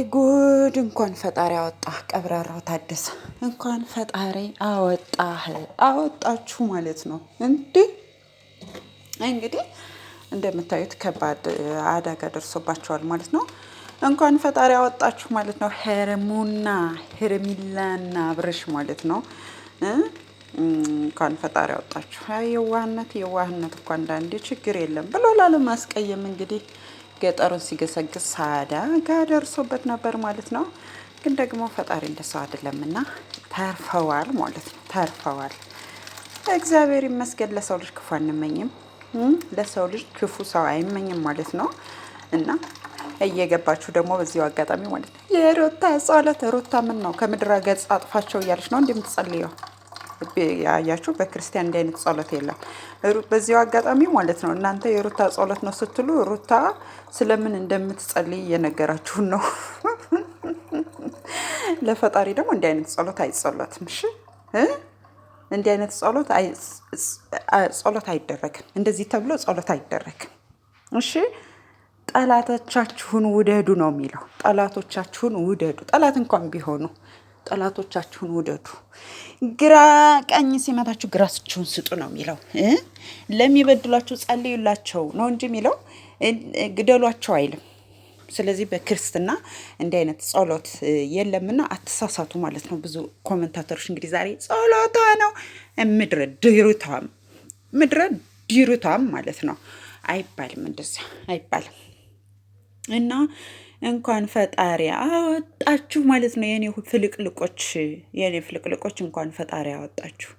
ወይ ጉድ! እንኳን ፈጣሪ አወጣ። ቀብራራው ታደሰ እንኳን ፈጣሪ አወጣህ አወጣችሁ ማለት ነው። እንዲህ እንግዲህ እንደምታዩት ከባድ አደጋ ደርሶባቸዋል ማለት ነው። እንኳን ፈጣሪ አወጣችሁ ማለት ነው። ሄርሙና ሄርሚላና አብርሽ ማለት ነው። እንኳን ፈጣሪ አወጣችሁ። የዋህነት የዋህነት እኮ አንዳንዴ ችግር የለም ብሎ ላለማስቀየም እንግዲህ ገጠሩን ሲገሰግስ ሳዳ ጋር ደርሶበት ነበር ማለት ነው። ግን ደግሞ ፈጣሪ እንደሰው እና ተርፈዋል ማለት ነው። ተርፈዋል። እግዚአብሔር ይመስገን። ለሰው ልጅ ክፉ አንመኝም፣ ለሰው ልጅ ክፉ ሰው አይመኝም ማለት ነው እና እየገባችሁ ደግሞ በዚሁ አጋጣሚ ማለት ነው የሮታ ጸሎት ሮታ ምን ነው ከምድረ ገጽ አጥፋቸው እያለች ነው እንደምትጸልየው ያያችሁ በክርስቲያን እንዲህ አይነት ጸሎት የለም። በዚሁ አጋጣሚ ማለት ነው እናንተ የሩታ ጸሎት ነው ስትሉ ሩታ ስለምን እንደምትጸልይ እየነገራችሁን ነው። ለፈጣሪ ደግሞ እንዲህ አይነት ጸሎት አይጸሎትም። እሺ እንዲህ አይነት ጸሎት ጸሎት አይደረግም። እንደዚህ ተብሎ ጸሎት አይደረግም። እሺ ጠላቶቻችሁን ውደዱ ነው የሚለው። ጠላቶቻችሁን ውደዱ ጠላት እንኳን ቢሆኑ ጠላቶቻችሁን ውደዱ፣ ግራ ቀኝ ሲመታችሁ ግራችሁን ስጡ ነው የሚለው። ለሚበድሏችሁ ጸልዩላቸው ነው እንጂ የሚለው ግደሏቸው አይልም። ስለዚህ በክርስትና እንዲህ አይነት ጸሎት የለምና አትሳሳቱ ማለት ነው። ብዙ ኮመንታተሮች እንግዲህ ዛሬ ጸሎቷ ነው ምድረ ድሩታም ምድረ ድሩታም ማለት ነው አይባልም፣ እንደዚያ አይባልም እና እንኳን ፈጣሪ አወጣችሁ ማለት ነው። የኔ ፍልቅልቆች የኔ ፍልቅልቆች እንኳን ፈጣሪ አወጣችሁ።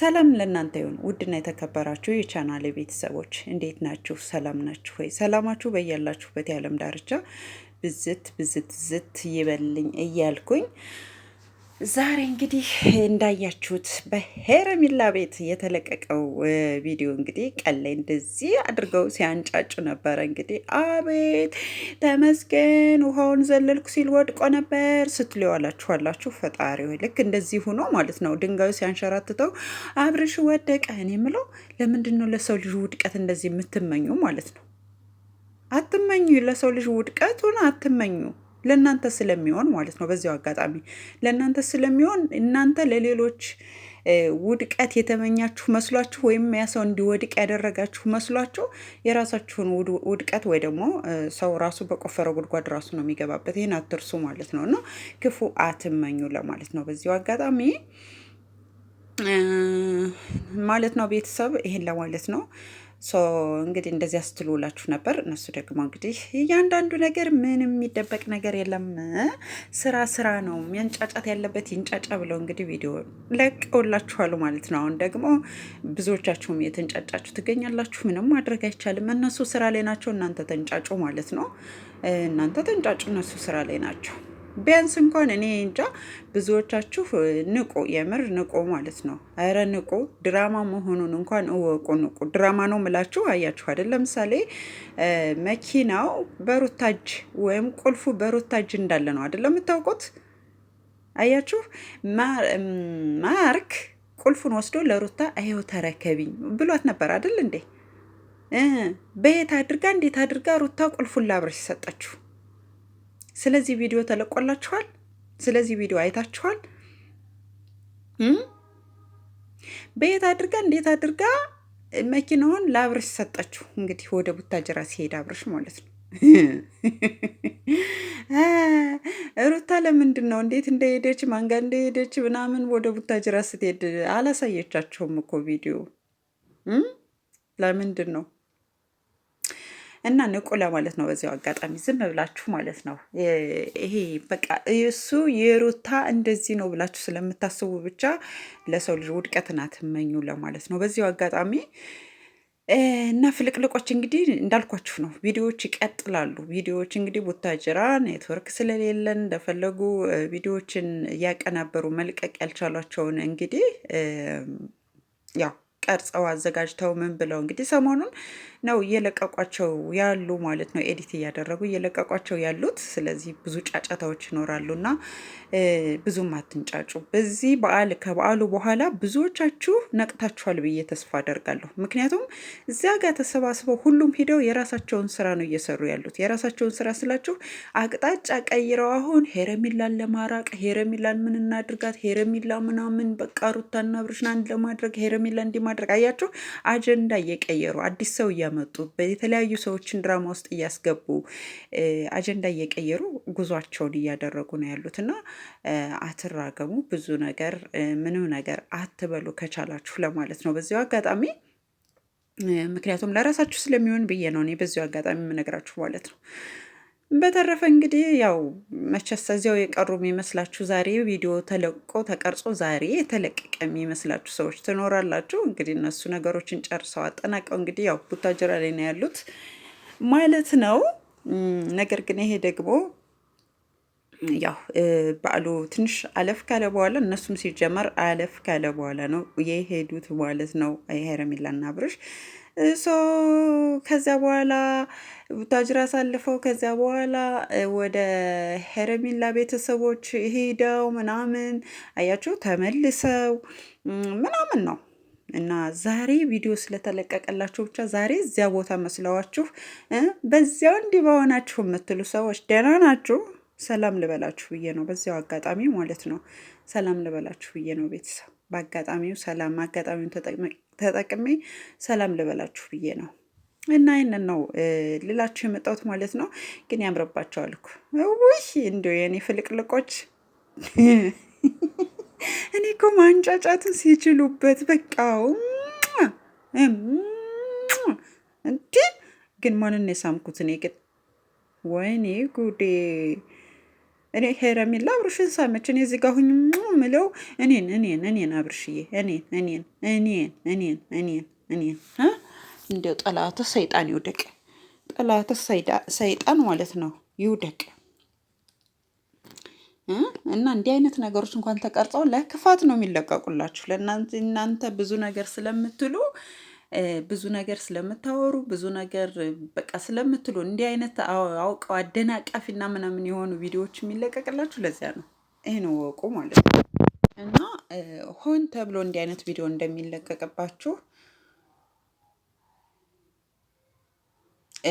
ሰላም ለእናንተ ይሁን። ውድና የተከበራችሁ የቻናል ቤተሰቦች እንዴት ናችሁ? ሰላም ናችሁ ወይ? ሰላማችሁ በያላችሁበት የዓለም ዳርቻ ብዝት ብዝት ዝት ይበልኝ እያልኩኝ ዛሬ እንግዲህ እንዳያችሁት በሄረሚላ ቤት የተለቀቀው ቪዲዮ እንግዲህ ቀን ላይ እንደዚህ አድርገው ሲያንጫጩ ነበረ። እንግዲህ አቤት ተመስገን ውሃውን ዘለልኩ ሲል ወድቆ ነበር ስትሉ የዋላችኋላችሁ ፈጣሪ ሆይ፣ ልክ እንደዚህ ሆኖ ማለት ነው ድንጋዩ ሲያንሸራትተው አብርሽ ወደቀ። እኔ የምለው ለምንድን ነው ለሰው ልጅ ውድቀት እንደዚህ የምትመኙ ማለት ነው? አትመኙ፣ ለሰው ልጅ ውድቀቱን አትመኙ። ለእናንተ ስለሚሆን ማለት ነው። በዚያው አጋጣሚ ለእናንተ ስለሚሆን እናንተ ለሌሎች ውድቀት የተመኛችሁ መስሏችሁ ወይም ያ ሰው እንዲወድቅ ያደረጋችሁ መስሏችሁ የራሳችሁን ውድቀት ወይ ደግሞ ሰው ራሱ በቆፈረው ጉድጓድ ራሱ ነው የሚገባበት። ይህን አትርሱ ማለት ነው እና ክፉ አትመኙ ለማለት ነው በዚሁ አጋጣሚ ማለት ነው ቤተሰብ ይህን ለማለት ነው። እንግዲህ እንደዚያ ስትሉላችሁ ነበር። እነሱ ደግሞ እንግዲህ እያንዳንዱ ነገር ምንም የሚደበቅ ነገር የለም፣ ስራ ስራ ነው፣ መንጫጫት ያለበት ይንጫጫ ብለው እንግዲህ ቪዲዮ ለቀውላችኋሉ ማለት ነው። አሁን ደግሞ ብዙዎቻችሁም የተንጫጫችሁ ትገኛላችሁ። ምንም ማድረግ አይቻልም። እነሱ ስራ ላይ ናቸው፣ እናንተ ተንጫጩ ማለት ነው። እናንተ ተንጫጩ፣ እነሱ ስራ ላይ ናቸው። ቢያንስ እንኳን እኔ እንጃ ብዙዎቻችሁ ንቁ፣ የምር ንቁ ማለት ነው። ኧረ ንቁ፣ ድራማ መሆኑን እንኳን እወቁ። ንቁ ድራማ ነው ምላችሁ አያችሁ አይደል? ለምሳሌ መኪናው በሩታጅ ወይም ቁልፉ በሩታጅ እንዳለ ነው አይደል? ለምታውቁት አያችሁ። ማርክ ቁልፉን ወስዶ ለሩታ አይው ተረከቢኝ ብሏት ነበር አይደል እንዴ? በየት አድርጋ እንዴት አድርጋ ሩታ ቁልፉን ላብረሽ ሰጣችሁ? ስለዚህ ቪዲዮ ተለቆላችኋል። ስለዚህ ቪዲዮ አይታችኋል። በየት አድርጋ እንዴት አድርጋ መኪናውን ለአብርሽ ሰጣችሁ እንግዲህ ወደ ቡታጅራ ሲሄድ አብርሽ ማለት ነው። ሩታ ለምንድን ነው እንዴት እንደሄደች ማንጋ እንደሄደች ምናምን ወደ ቡታጅራ ስትሄድ አላሳየቻቸውም እኮ ቪዲዮ ለምንድን ነው? እና ንቁ ለማለት ነው። በዚያው አጋጣሚ ዝም ብላችሁ ማለት ነው። ይሄ በቃ እሱ የሩታ እንደዚህ ነው ብላችሁ ስለምታስቡ ብቻ ለሰው ልጅ ውድቀትን አትመኙ ለማለት ነው። በዚያው አጋጣሚ እና ፍልቅልቆች እንግዲህ እንዳልኳችሁ ነው። ቪዲዮዎች ይቀጥላሉ። ቪዲዮዎች እንግዲህ ቡታጅራ ኔትወርክ ስለሌለን እንደፈለጉ ቪዲዮዎችን እያቀናበሩ መልቀቅ ያልቻሏቸውን እንግዲህ ያው ቀርጸው አዘጋጅተው ምን ብለው እንግዲህ ሰሞኑን ነው እየለቀቋቸው ያሉ ማለት ነው። ኤዲት እያደረጉ እየለቀቋቸው ያሉት። ስለዚህ ብዙ ጫጫታዎች ይኖራሉ እና ብዙም አትንጫጩ። በዚህ በዓል ከበዓሉ በኋላ ብዙዎቻችሁ ነቅታችኋል ብዬ ተስፋ አደርጋለሁ። ምክንያቱም እዚያ ጋር ተሰባስበው ሁሉም ሂደው የራሳቸውን ስራ ነው እየሰሩ ያሉት። የራሳቸውን ስራ ስላችሁ አቅጣጫ ቀይረው አሁን ሄረሚላን ለማራቅ ሄረሚላን ምን እናድርጋት ሄረሚላ ምናምን በቃ ሩታና ብርሽናን ለማድረግ ሄረሚላ እንዲማ በማድረግ አያችሁ፣ አጀንዳ እየቀየሩ አዲስ ሰው እያመጡ የተለያዩ ሰዎችን ድራማ ውስጥ እያስገቡ አጀንዳ እየቀየሩ ጉዟቸውን እያደረጉ ነው ያሉት እና አትራገሙ፣ ብዙ ነገር ምንም ነገር አትበሉ ከቻላችሁ ለማለት ነው በዚሁ አጋጣሚ ምክንያቱም ለራሳችሁ ስለሚሆን ብዬ ነው እኔ በዚሁ አጋጣሚ የምነግራችሁ ማለት ነው። በተረፈ እንግዲህ ያው መቼስ እዚያው የቀሩ የሚመስላችሁ ዛሬ ቪዲዮ ተለቆ ተቀርጾ ዛሬ የተለቀቀ የሚመስላችሁ ሰዎች ትኖራላችሁ። እንግዲህ እነሱ ነገሮችን ጨርሰው አጠናቀው እንግዲህ ያው ቡታጅራ ላይ ነው ያሉት ማለት ነው። ነገር ግን ይሄ ደግሞ ያው በዓሉ ትንሽ አለፍ ካለ በኋላ እነሱም ሲጀመር አለፍ ካለ በኋላ ነው የሄዱት ማለት ነው። ሄረሚላና ብርሽ ሶ ከዚያ በኋላ ቡታጅራ አሳልፈው ከዚያ በኋላ ወደ ሄረሚላ ቤተሰቦች ሄደው ምናምን አያቸው ተመልሰው ምናምን ነው። እና ዛሬ ቪዲዮ ስለተለቀቀላችሁ ብቻ ዛሬ እዚያ ቦታ መስለዋችሁ በዚያው እንዲህ በሆናችሁ የምትሉ ሰዎች ደህና ናችሁ? ሰላም ልበላችሁ ብዬ ነው በዚያው አጋጣሚ ማለት ነው። ሰላም ልበላችሁ ብዬ ነው ቤተሰብ በአጋጣሚው ሰላም አጋጣሚውን ተጠቅመ ተጠቅሜ ሰላም ልበላችሁ ብዬ ነው። እና ይህንን ነው ልላችሁ የመጣሁት ማለት ነው። ግን ያምርባቸዋል እኮ ውይ፣ እንዲሁ የኔ ፍልቅልቆች እኔ እኮ ማንጫጫትን ሲችሉበት በቃ እንዲህ ግን ማንን የሳምኩት እኔ ግን ወይኔ ጉዴ እኔ ሄረሚላ አብርሽን ሳመች። እኔ እዚህ ጋ ሁኝ ምለው እኔን እኔን እኔን አብርሽዬ እኔን እኔን እኔን እኔን እኔን እኔን እንደ ጠላት ሰይጣን ይውደቅ። ጠላት ሰይጣን ማለት ነው ይውደቅ። እና እንዲህ አይነት ነገሮች እንኳን ተቀርጸው ለክፋት ነው የሚለቀቁላችሁ ለእናንተ ብዙ ነገር ስለምትሉ ብዙ ነገር ስለምታወሩ ብዙ ነገር በቃ ስለምትሉ እንዲህ አይነት አውቀው አደናቃፊና ምናምን የሆኑ ቪዲዮዎች የሚለቀቅላችሁ ለዚያ ነው። ይህን ወቁ ማለት ነው። እና ሆን ተብሎ እንዲህ አይነት ቪዲዮ እንደሚለቀቅባችሁ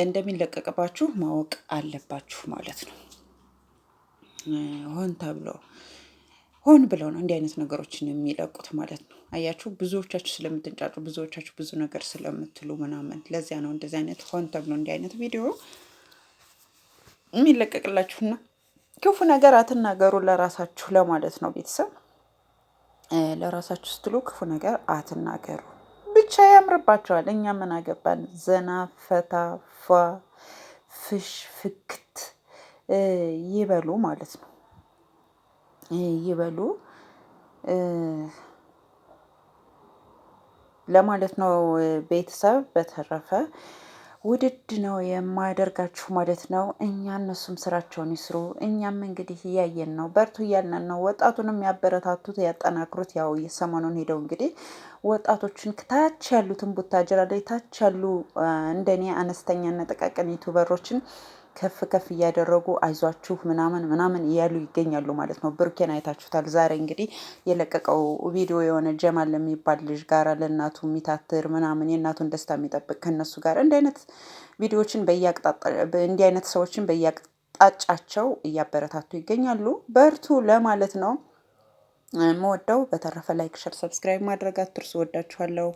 እንደሚለቀቅባችሁ ማወቅ አለባችሁ ማለት ነው። ሆን ተብሎ ሆን ብለው ነው እንዲህ አይነት ነገሮችን የሚለቁት ማለት ነው። አያችሁ፣ ብዙዎቻችሁ ስለምትንጫጩ፣ ብዙዎቻችሁ ብዙ ነገር ስለምትሉ ምናምን፣ ለዚያ ነው እንደዚህ አይነት ሆን ተብሎ እንዲህ አይነት ቪዲዮ የሚለቀቅላችሁና ክፉ ነገር አትናገሩ ለራሳችሁ ለማለት ነው። ቤተሰብ ለራሳችሁ ስትሉ ክፉ ነገር አትናገሩ። ብቻ ያምርባቸዋል። እኛ ምን አገባን? ዘና ፈታ ፏ ፍሽ ፍክት ይበሉ ማለት ነው። ይበሉ ለማለት ነው። ቤተሰብ በተረፈ ውድድ ነው የማያደርጋችሁ ማለት ነው። እኛ እነሱም ስራቸውን ይስሩ፣ እኛም እንግዲህ እያየን ነው፣ በርቱ እያልን ነው። ወጣቱንም ያበረታቱት ያጠናክሩት። ያው የሰሞኑን ሄደው እንግዲህ ወጣቶችን ታች ያሉትን ቡታጅራ ላይ ታች ያሉ እንደኔ አነስተኛና ጥቃቅን ዩቱበሮችን ከፍ ከፍ እያደረጉ አይዟችሁ ምናምን ምናምን እያሉ ይገኛሉ ማለት ነው። ብሩኬን አይታችሁታል። ዛሬ እንግዲህ የለቀቀው ቪዲዮ የሆነ ጀማል የሚባል ልጅ ጋር ለእናቱ የሚታትር ምናምን የእናቱን ደስታ የሚጠብቅ ከእነሱ ጋር እንዲህ አይነት ቪዲዮዎችን እንዲህ አይነት ሰዎችን በየአቅጣጫቸው እያበረታቱ ይገኛሉ። በርቱ ለማለት ነው መወደው። በተረፈ ላይክ፣ ሸር፣ ሰብስክራይብ ማድረግ አትርሱ። ወዳችኋለሁ።